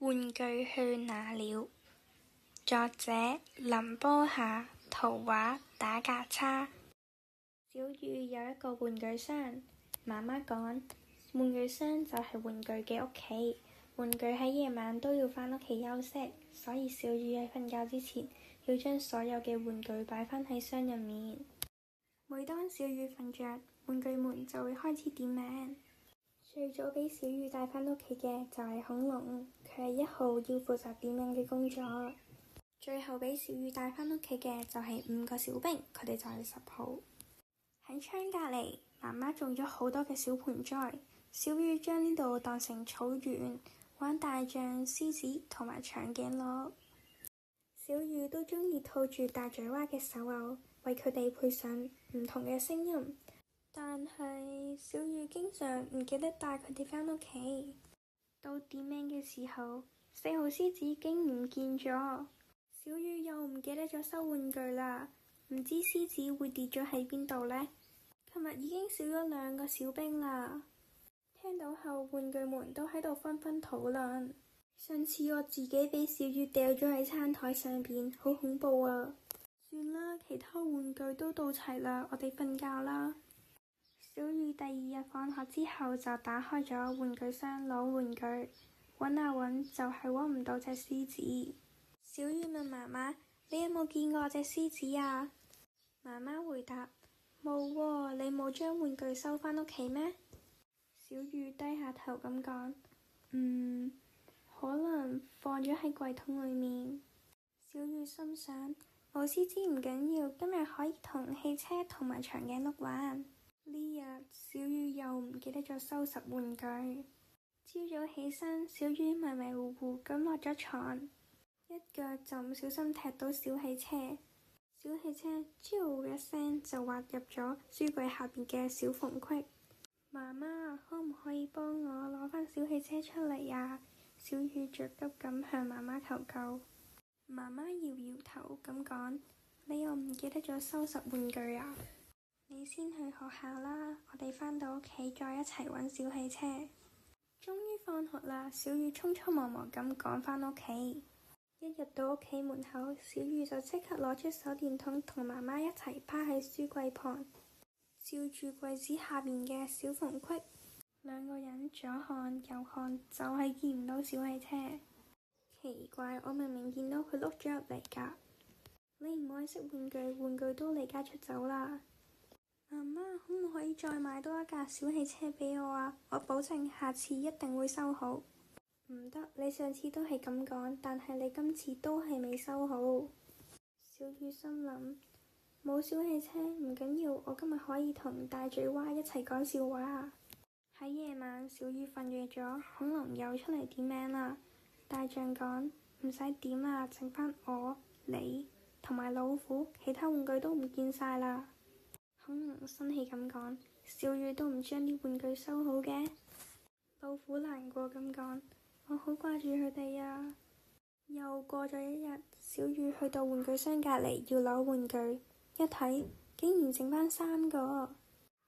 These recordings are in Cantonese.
玩具去哪了？作者林波夏，圖畫打格叉。小雨有一個玩具箱，媽媽講，玩具箱就係玩具嘅屋企。玩具喺夜晚都要翻屋企休息，所以小雨喺瞓覺之前要將所有嘅玩具擺翻喺箱入面。每當小雨瞓着，玩具們就會開始點名。最早畀小雨帶返屋企嘅就係恐龍，佢係一號，要負責點樣嘅工作。最後畀小雨帶返屋企嘅就係五個小兵，佢哋就係十號。喺窗隔籬，媽媽種咗好多嘅小盆栽，小雨將呢度當成草原，玩大象、獅子同埋長頸鹿囉。小雨都鍾意套住大嘴蛙嘅手偶，為佢哋配上唔同嘅聲音。但係小雨經常唔記得帶佢哋返屋企，到點名嘅時候，四號獅子已經唔見咗，小雨又唔記得咗收玩具啦，唔知獅子會跌咗喺邊度呢？琴日已經少咗兩個小兵啦，聽到後，玩具們都喺度紛紛討論。上次我自己俾小雨掉咗喺餐台上面，好恐怖啊！算啦，其他玩具都到齊啦，我哋瞓覺啦。小雨第二日放學之後就打開咗玩具箱攞玩具，揾下揾就係揾唔到隻獅子。小雨問媽媽：你有冇見過隻獅子啊？媽媽回答：冇喎，你冇將玩具收返屋企咩？小雨低下頭咁講：嗯，可能放咗喺櫃桶裏面。小雨心想：冇獅子唔緊要，今日可以同汽車同埋長頸鹿玩。呢日小雨又唔記得咗收拾玩具，朝早起身，小雨迷迷糊糊咁落咗床，一腳就唔小心踢到小汽車，小汽車啾嘅一聲就滑入咗書櫃下邊嘅小縫隙。「媽媽可唔可以幫我攞翻小汽車出嚟呀？」小雨着急咁向媽媽求救。媽媽搖搖頭咁講：你又唔記得咗收拾玩具啊？你先去學校啦，我哋返到屋企再一齊揾小汽車。終於放學啦，小雨匆匆忙忙咁趕返屋企。一入到屋企門口，小雨就即刻攞出手電筒，同媽媽一齊趴喺書櫃旁，照住櫃子下面嘅小縫隙。兩個人左看右看，就係見唔到小汽車。奇怪，我明明見到佢碌咗入嚟噶。你唔愛惜玩具，玩具都離家出走啦。媽媽，可唔可以再買多一架小汽車俾我啊？我保證下次一定會收好。唔得，你上次都係咁講，但係你今次都係未收好。小雨心諗，冇小汽車唔緊要，我今日可以同大嘴蛙一齊講笑話。喺夜晚，小雨瞓着咗，恐龍又出嚟點名啦。大象講，唔使點啦，剩翻我、你同埋老虎，其他玩具都唔見晒啦。恐龍生氣咁講，小雨都唔將啲玩具收好嘅。老虎難過咁講，我好掛住佢哋啊。又過咗一日，小雨去到玩具箱隔籬要攞玩具，一睇，竟然剩翻三個。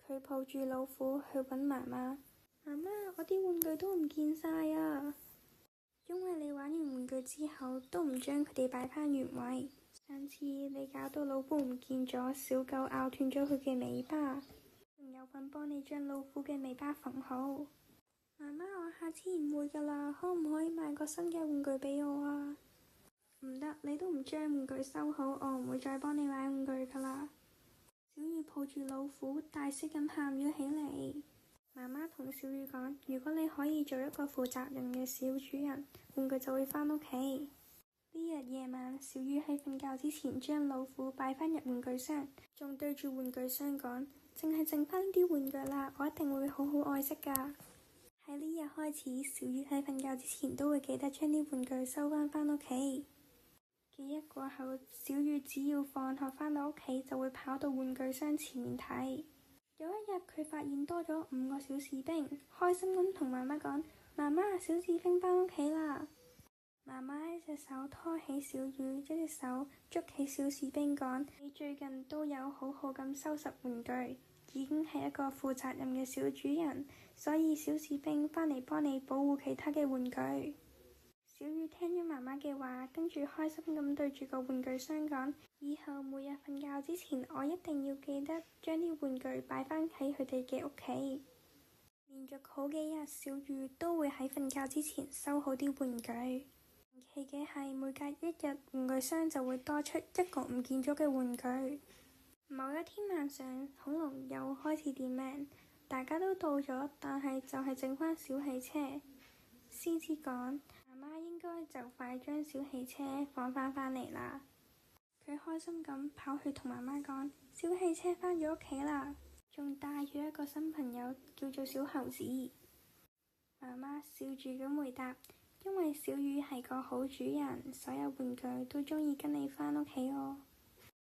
佢抱住老虎去揾媽媽，媽媽，我啲玩具都唔見晒啊！因為你玩完玩具之後都唔將佢哋擺返原位，上次。你搞到老虎唔見咗，小狗咬斷咗佢嘅尾巴，仲有份幫你將老虎嘅尾巴縫好。媽媽，我下次唔會噶啦，可唔可以買個新嘅玩具俾我啊？唔得，你都唔將玩具收好，我唔會再幫你買玩具噶啦。小雨抱住老虎，大聲咁喊咗起嚟。媽媽同小雨講：如果你可以做一個負責任嘅小主人，玩具就會返屋企。呢日夜晚，小雨喺瞓覺之前將老虎擺翻入玩具箱，仲對住玩具箱講：淨係剩翻啲玩具啦，我一定會好好愛惜噶。喺呢日開始，小雨喺瞓覺之前都會記得將啲玩具收翻返屋企。幾日過後，小雨只要放學返到屋企，就會跑到玩具箱前面睇。有一日，佢發現多咗五個小士兵，開心咁同媽媽講：媽媽，小士兵返屋企啦！媽媽一隻手拖起小雨，一隻手捉起小士兵，講：你最近都有好好咁收拾玩具，已經係一個負責任嘅小主人。所以小士兵返嚟幫你保護其他嘅玩具。小雨聽咗媽媽嘅話，跟住開心咁對住個玩具箱講：以後每日瞓覺之前，我一定要記得將啲玩具擺返喺佢哋嘅屋企。連續好幾日，小雨都會喺瞓覺之前收好啲玩具。奇嘅係，每隔一日，玩具箱就會多出一個唔見咗嘅玩具。某一天晚上，恐龍又開始點名，大家都到咗，但係就係剩翻小汽車。獅子講：媽媽應該就快將小汽車放返返嚟啦。佢開心咁跑去同媽媽講：小汽車返咗屋企啦，仲帶住一個新朋友，叫做小猴子。媽媽笑住咁回答。因為小雨係個好主人，所有玩具都中意跟你返屋企哦。